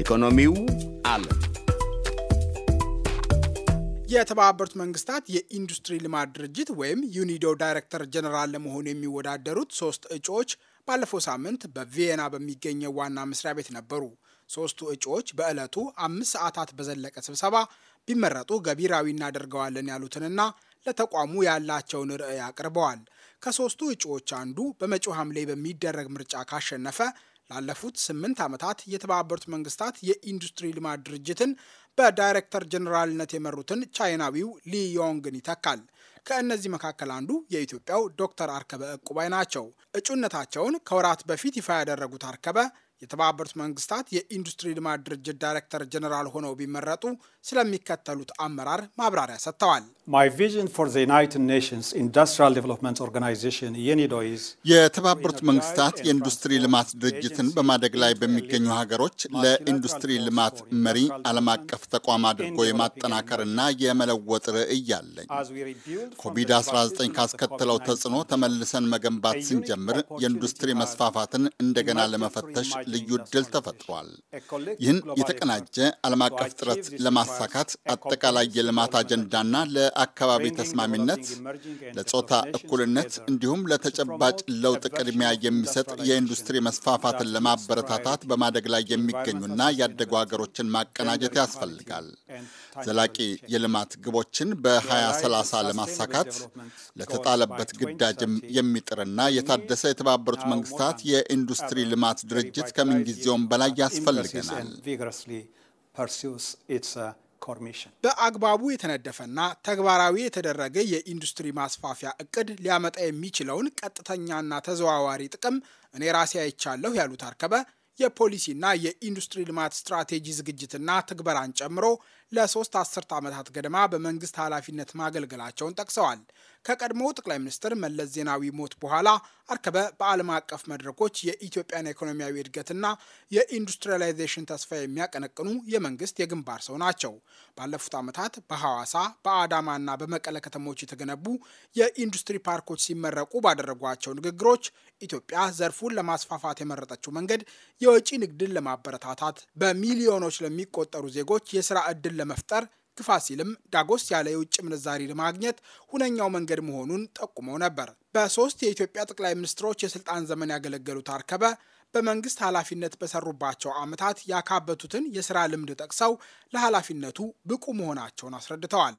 ኢኮኖሚው አለ። የተባበሩት መንግስታት የኢንዱስትሪ ልማት ድርጅት ወይም ዩኒዶ ዳይሬክተር ጀነራል ለመሆኑ የሚወዳደሩት ሶስት እጩዎች ባለፈው ሳምንት በቪየና በሚገኘው ዋና መስሪያ ቤት ነበሩ። ሶስቱ እጩዎች በዕለቱ አምስት ሰዓታት በዘለቀ ስብሰባ ቢመረጡ ገቢራዊ እናደርገዋለን ያሉትንና ለተቋሙ ያላቸውን ርዕይ አቅርበዋል። ከሶስቱ እጩዎች አንዱ በመጪው ሐምሌ በሚደረግ ምርጫ ካሸነፈ ላለፉት ስምንት ዓመታት የተባበሩት መንግስታት የኢንዱስትሪ ልማት ድርጅትን በዳይሬክተር ጀኔራልነት የመሩትን ቻይናዊው ሊዮንግን ይተካል። ከእነዚህ መካከል አንዱ የኢትዮጵያው ዶክተር አርከበ እቁባይ ናቸው። እጩነታቸውን ከወራት በፊት ይፋ ያደረጉት አርከበ የተባበሩት መንግስታት የኢንዱስትሪ ልማት ድርጅት ዳይሬክተር ጀኔራል ሆነው ቢመረጡ ስለሚከተሉት አመራር ማብራሪያ ሰጥተዋል። የተባበሩት መንግስታት የኢንዱስትሪ ልማት ድርጅትን በማደግ ላይ በሚገኙ ሀገሮች ለኢንዱስትሪ ልማት መሪ ዓለም አቀፍ ተቋም አድርጎ የማጠናከርና የመለወጥ ርዕይ አለኝ። ኮቪድ-19 ካስከተለው ተጽዕኖ ተመልሰን መገንባት ስንጀምር የኢንዱስትሪ መስፋፋትን እንደገና ለመፈተሽ ልዩ ዕድል ተፈጥሯል። ይህን የተቀናጀ ዓለም አቀፍ ጥረት ለማስ ማሳካት አጠቃላይ የልማት አጀንዳና ለአካባቢ ተስማሚነት፣ ለጾታ እኩልነት እንዲሁም ለተጨባጭ ለውጥ ቅድሚያ የሚሰጥ የኢንዱስትሪ መስፋፋትን ለማበረታታት በማደግ ላይ የሚገኙና ያደጉ ሀገሮችን ማቀናጀት ያስፈልጋል። ዘላቂ የልማት ግቦችን በ2030 ለማሳካት ለተጣለበት ግዳጅም የሚጥርና የታደሰ የተባበሩት መንግስታት የኢንዱስትሪ ልማት ድርጅት ከምንጊዜውም በላይ ያስፈልገናል። በአግባቡ የተነደፈና ተግባራዊ የተደረገ የኢንዱስትሪ ማስፋፊያ እቅድ ሊያመጣ የሚችለውን ቀጥተኛና ተዘዋዋሪ ጥቅም እኔ ራሴ አይቻለሁ ያሉት አርከበ የፖሊሲና የኢንዱስትሪ ልማት ስትራቴጂ ዝግጅትና ትግበራን ጨምሮ ለሶስት አስርት ዓመታት ገደማ በመንግስት ኃላፊነት ማገልገላቸውን ጠቅሰዋል። ከቀድሞው ጠቅላይ ሚኒስትር መለስ ዜናዊ ሞት በኋላ አርከበ በዓለም አቀፍ መድረኮች የኢትዮጵያን ኢኮኖሚያዊ እድገትና የኢንዱስትሪላይዜሽን ተስፋ የሚያቀነቅኑ የመንግስት የግንባር ሰው ናቸው። ባለፉት ዓመታት በሐዋሳ በአዳማና በመቀለ ከተሞች የተገነቡ የኢንዱስትሪ ፓርኮች ሲመረቁ ባደረጓቸው ንግግሮች ኢትዮጵያ ዘርፉን ለማስፋፋት የመረጠችው መንገድ የወጪ ንግድን ለማበረታታት በሚሊዮኖች ለሚቆጠሩ ዜጎች የስራ ዕድል ስራዎችን ለመፍጠር ግፋ ሲልም ዳጎስ ያለ የውጭ ምንዛሪ ለማግኘት ሁነኛው መንገድ መሆኑን ጠቁመው ነበር። በሶስት የኢትዮጵያ ጠቅላይ ሚኒስትሮች የስልጣን ዘመን ያገለገሉት አርከበ በመንግስት ኃላፊነት በሰሩባቸው ዓመታት ያካበቱትን የስራ ልምድ ጠቅሰው ለኃላፊነቱ ብቁ መሆናቸውን አስረድተዋል።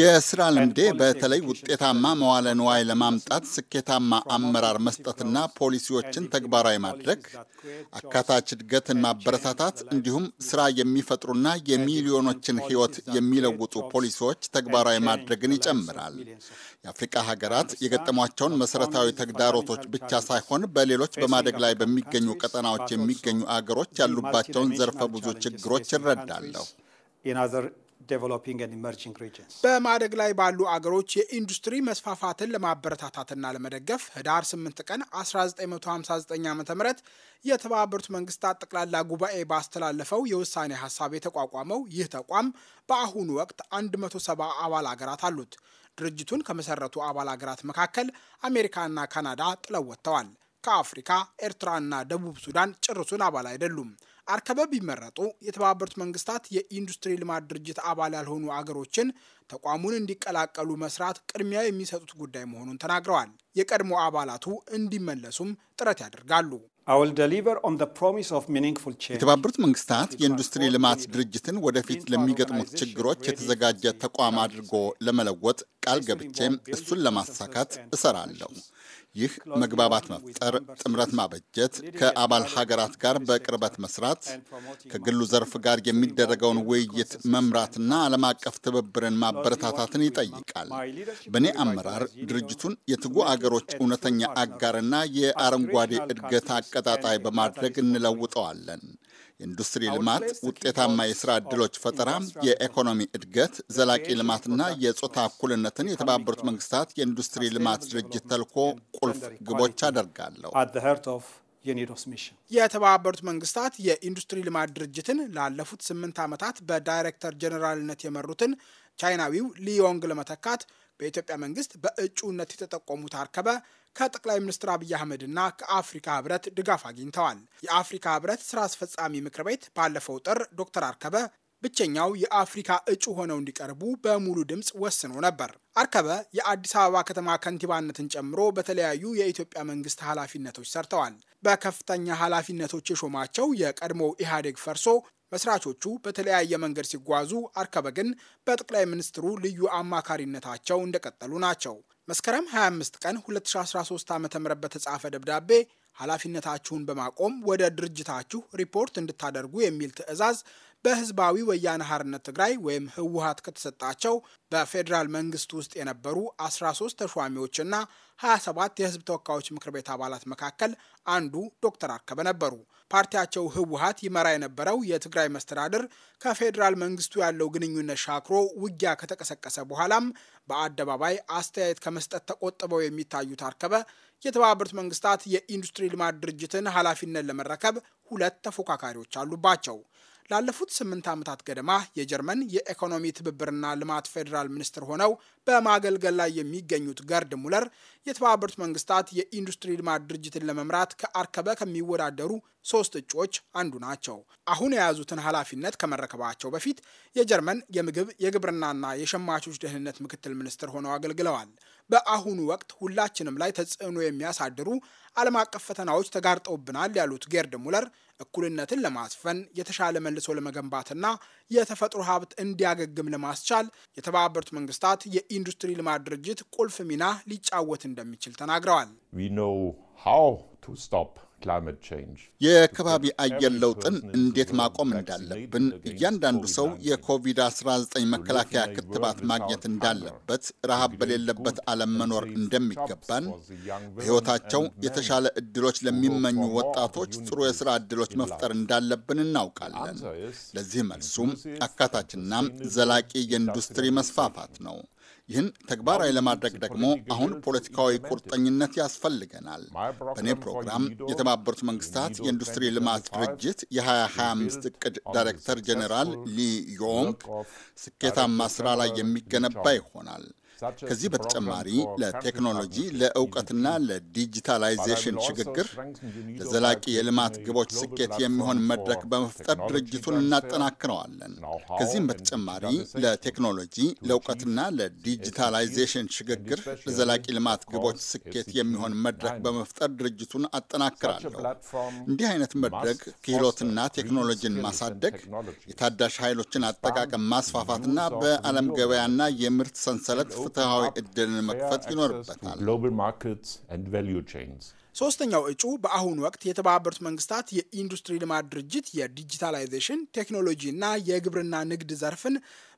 የስራ ልምዴ በተለይ ውጤታማ መዋለ ንዋይ ለማምጣት ስኬታማ አመራር መስጠትና ፖሊሲዎችን ተግባራዊ ማድረግ፣ አካታች እድገትን ማበረታታት እንዲሁም ስራ የሚፈጥሩና የሚሊዮኖችን ሕይወት የሚለውጡ ፖሊሲዎች ተግባራዊ ማድረግን ይጨምራል። የአፍሪቃ ሀገራት የገጠሟቸውን መሰረታዊ ተግዳሮቶች ብቻ ሳይሆን በሌሎች በማደግ ላይ በሚገኙ ቀጠናዎች የሚገኙ አገሮች ያሉባቸውን ዘርፈ ብዙ ችግሮች እረዳለሁ። በማደግ ላይ ባሉ አገሮች የኢንዱስትሪ መስፋፋትን ለማበረታታትና ለመደገፍ ህዳር 8 ቀን 1959 ዓ ም የተባበሩት መንግስታት ጠቅላላ ጉባኤ ባስተላለፈው የውሳኔ ሀሳብ የተቋቋመው ይህ ተቋም በአሁኑ ወቅት 170 አባል አገራት አሉት። ድርጅቱን ከመሰረቱ አባል አገራት መካከል አሜሪካና ካናዳ ጥለው ወጥተዋል። ከአፍሪካ ኤርትራና ደቡብ ሱዳን ጭርሱን አባል አይደሉም። አርከበ ቢመረጡ የተባበሩት መንግስታት የኢንዱስትሪ ልማት ድርጅት አባል ያልሆኑ አገሮችን ተቋሙን እንዲቀላቀሉ መስራት ቅድሚያ የሚሰጡት ጉዳይ መሆኑን ተናግረዋል። የቀድሞ አባላቱ እንዲመለሱም ጥረት ያደርጋሉ። የተባበሩት መንግስታት የኢንዱስትሪ ልማት ድርጅትን ወደፊት ለሚገጥሙት ችግሮች የተዘጋጀ ተቋም አድርጎ ለመለወጥ ቃል ገብቼም እሱን ለማሳካት እሰራለሁ። ይህ መግባባት መፍጠር፣ ጥምረት ማበጀት፣ ከአባል ሀገራት ጋር በቅርበት መስራት፣ ከግሉ ዘርፍ ጋር የሚደረገውን ውይይት መምራትና ዓለም አቀፍ ትብብርን ማበረታታትን ይጠይቃል። በእኔ አመራር ድርጅቱን የትጉ አገሮች እውነተኛ አጋርና የአረንጓዴ እድገት አቀጣጣይ በማድረግ እንለውጠዋለን። የኢንዱስትሪ ልማት፣ ውጤታማ የስራ ዕድሎች ፈጠራ፣ የኢኮኖሚ እድገት፣ ዘላቂ ልማትና የጾታ እኩልነትን የተባበሩት መንግስታት የኢንዱስትሪ ልማት ድርጅት ተልኮ ቁልፍ ግቦች አደርጋለሁ። የኔዶስ ሚሽን የተባበሩት መንግስታት የኢንዱስትሪ ልማት ድርጅትን ላለፉት ስምንት ዓመታት በዳይሬክተር ጀኔራልነት የመሩትን ቻይናዊው ሊዮንግ ለመተካት በኢትዮጵያ መንግስት በእጩነት የተጠቆሙት አርከበ ከጠቅላይ ሚኒስትር አብይ አህመድና ከአፍሪካ ህብረት ድጋፍ አግኝተዋል። የአፍሪካ ህብረት ስራ አስፈጻሚ ምክር ቤት ባለፈው ጥር ዶክተር አርከበ ብቸኛው የአፍሪካ እጩ ሆነው እንዲቀርቡ በሙሉ ድምፅ ወስኖ ነበር። አርከበ የአዲስ አበባ ከተማ ከንቲባነትን ጨምሮ በተለያዩ የኢትዮጵያ መንግስት ኃላፊነቶች ሰርተዋል። በከፍተኛ ኃላፊነቶች የሾማቸው የቀድሞው ኢህአዴግ ፈርሶ መስራቾቹ በተለያየ መንገድ ሲጓዙ አርከበ ግን በጠቅላይ ሚኒስትሩ ልዩ አማካሪነታቸው እንደቀጠሉ ናቸው። መስከረም 25 ቀን 2013 ዓ ም በተጻፈ ደብዳቤ ኃላፊነታችሁን በማቆም ወደ ድርጅታችሁ ሪፖርት እንድታደርጉ የሚል ትዕዛዝ በህዝባዊ ወያነ ሀርነት ትግራይ ወይም ህወሀት ከተሰጣቸው በፌዴራል መንግስት ውስጥ የነበሩ 13 ተሿሚዎችና 27 የህዝብ ተወካዮች ምክር ቤት አባላት መካከል አንዱ ዶክተር አርከበ ነበሩ። ፓርቲያቸው ህወሀት ይመራ የነበረው የትግራይ መስተዳድር ከፌዴራል መንግስቱ ያለው ግንኙነት ሻክሮ ውጊያ ከተቀሰቀሰ በኋላም በአደባባይ አስተያየት ከመስጠት ተቆጥበው የሚታዩት አርከበ የተባበሩት መንግስታት የኢንዱስትሪ ልማት ድርጅትን ኃላፊነት ለመረከብ ሁለት ተፎካካሪዎች አሉባቸው። ላለፉት ስምንት ዓመታት ገደማ የጀርመን የኢኮኖሚ ትብብርና ልማት ፌዴራል ሚኒስትር ሆነው በማገልገል ላይ የሚገኙት ገርድ ሙለር የተባበሩት መንግስታት የኢንዱስትሪ ልማት ድርጅትን ለመምራት ከአርከበ ከሚወዳደሩ ሶስት እጩዎች አንዱ ናቸው። አሁን የያዙትን ኃላፊነት ከመረከባቸው በፊት የጀርመን የምግብ የግብርናና የሸማቾች ደህንነት ምክትል ሚኒስትር ሆነው አገልግለዋል። በአሁኑ ወቅት ሁላችንም ላይ ተጽዕኖ የሚያሳድሩ ዓለም አቀፍ ፈተናዎች ተጋርጠውብናል ያሉት ጌርድ ሙለር እኩልነትን ለማስፈን የተሻለ መልሶ ለመገንባትና የተፈጥሮ ሀብት እንዲያገግም ለማስቻል የተባበሩት መንግስታት የኢንዱስትሪ ልማት ድርጅት ቁልፍ ሚና ሊጫወት እንደሚችል ተናግረዋል። የከባቢ አየር ለውጥን እንዴት ማቆም እንዳለብን እያንዳንዱ ሰው የኮቪድ-19 መከላከያ ክትባት ማግኘት እንዳለበት፣ ረሃብ በሌለበት ዓለም መኖር እንደሚገባን፣ በሕይወታቸው የተሻለ እድሎች ለሚመኙ ወጣቶች ጥሩ የሥራ እድሎች መፍጠር እንዳለብን እናውቃለን። ለዚህ መልሱም አካታችና ዘላቂ የኢንዱስትሪ መስፋፋት ነው። ይህን ተግባራዊ ለማድረግ ደግሞ አሁን ፖለቲካዊ ቁርጠኝነት ያስፈልገናል። በእኔ ፕሮግራም የተባበሩት መንግስታት የኢንዱስትሪ ልማት ድርጅት የ2025 እቅድ ዳይሬክተር ጄኔራል ሊ ዮንግ ስኬታማ ስራ ላይ የሚገነባ ይሆናል። ከዚህ በተጨማሪ ለቴክኖሎጂ ለእውቀትና ለዲጂታላይዜሽን ሽግግር ለዘላቂ የልማት ግቦች ስኬት የሚሆን መድረክ በመፍጠር ድርጅቱን እናጠናክረዋለን። ከዚህም በተጨማሪ ለቴክኖሎጂ ለእውቀትና ለዲጂታላይዜሽን ሽግግር ለዘላቂ ልማት ግቦች ስኬት የሚሆን መድረክ በመፍጠር ድርጅቱን አጠናክራለሁ። እንዲህ አይነት መድረክ ክህሎትና ቴክኖሎጂን ማሳደግ፣ የታዳሽ ኃይሎችን አጠቃቀም ማስፋፋትና በዓለም ገበያና የምርት ሰንሰለት ፍትሐዊ ዕድልን መክፈት ይኖርበታል። ሶስተኛው እጩ በአሁኑ ወቅት የተባበሩት መንግስታት የኢንዱስትሪ ልማት ድርጅት የዲጂታላይዜሽን ቴክኖሎጂ እና የግብርና ንግድ ዘርፍን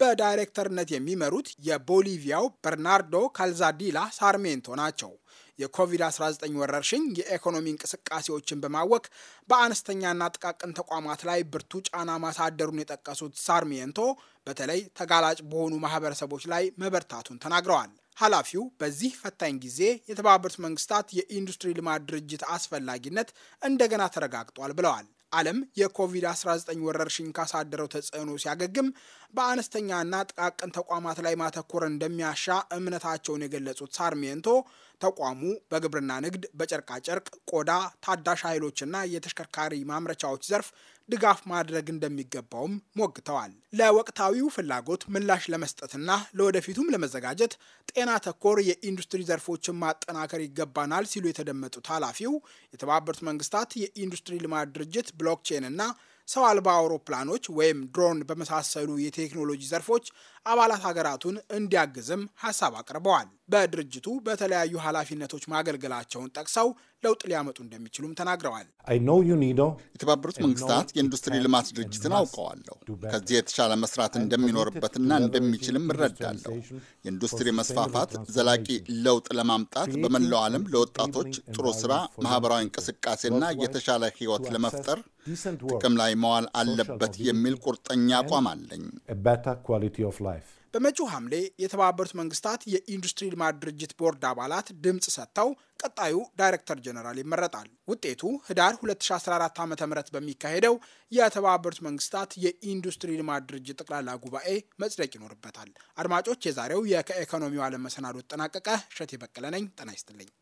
በዳይሬክተርነት የሚመሩት የቦሊቪያው በርናርዶ ካልዛዲላ ሳርሜንቶ ናቸው። የኮቪድ-19 ወረርሽኝ የኢኮኖሚ እንቅስቃሴዎችን በማወክ በአነስተኛና ጥቃቅን ተቋማት ላይ ብርቱ ጫና ማሳደሩን የጠቀሱት ሳርሚየንቶ በተለይ ተጋላጭ በሆኑ ማህበረሰቦች ላይ መበርታቱን ተናግረዋል። ኃላፊው በዚህ ፈታኝ ጊዜ የተባበሩት መንግስታት የኢንዱስትሪ ልማት ድርጅት አስፈላጊነት እንደገና ተረጋግጧል ብለዋል። ዓለም የኮቪድ-19 ወረርሽኝ ካሳደረው ተጽዕኖ ሲያገግም በአነስተኛና ጥቃቅን ተቋማት ላይ ማተኮር እንደሚያሻ እምነታቸውን የገለጹት ሳርሜንቶ ተቋሙ በግብርና ንግድ፣ በጨርቃጨርቅ፣ ቆዳ፣ ታዳሽ ኃይሎችና የተሽከርካሪ ማምረቻዎች ዘርፍ ድጋፍ ማድረግ እንደሚገባውም ሞግተዋል። ለወቅታዊው ፍላጎት ምላሽ ለመስጠትና ለወደፊቱም ለመዘጋጀት ጤና ተኮር የኢንዱስትሪ ዘርፎችን ማጠናከር ይገባናል ሲሉ የተደመጡት ኃላፊው የተባበሩት መንግስታት የኢንዱስትሪ ልማት ድርጅት ብሎክቼን እና ሰው አልባ አውሮፕላኖች ወይም ድሮን በመሳሰሉ የቴክኖሎጂ ዘርፎች አባላት ሀገራቱን እንዲያግዝም ሀሳብ አቅርበዋል። በድርጅቱ በተለያዩ ኃላፊነቶች ማገልገላቸውን ጠቅሰው ለውጥ ሊያመጡ እንደሚችሉም ተናግረዋል። የተባበሩት መንግስታት የኢንዱስትሪ ልማት ድርጅትን አውቀዋለሁ። ከዚህ የተሻለ መስራት እንደሚኖርበትና እንደሚችልም እረዳለሁ። የኢንዱስትሪ መስፋፋት ዘላቂ ለውጥ ለማምጣት በመላው ዓለም ለወጣቶች ጥሩ ስራ፣ ማህበራዊ እንቅስቃሴና የተሻለ ህይወት ለመፍጠር ጥቅም ላይ መዋል አለበት የሚል ቁርጠኛ አቋም አለኝ። በመጪው ሐምሌ የተባበሩት መንግስታት የኢንዱስትሪ ልማት ድርጅት ቦርድ አባላት ድምፅ ሰጥተው ቀጣዩ ዳይሬክተር ጀነራል ይመረጣል። ውጤቱ ህዳር 2014 ዓ ም በሚካሄደው የተባበሩት መንግስታት የኢንዱስትሪ ልማት ድርጅት ጠቅላላ ጉባኤ መጽደቅ ይኖርበታል። አድማጮች፣ የዛሬው የከኢኮኖሚው ዓለም መሰናዶ ተጠናቀቀ። እሸቴ በቀለ ነኝ። ጤና ይስጥልኝ።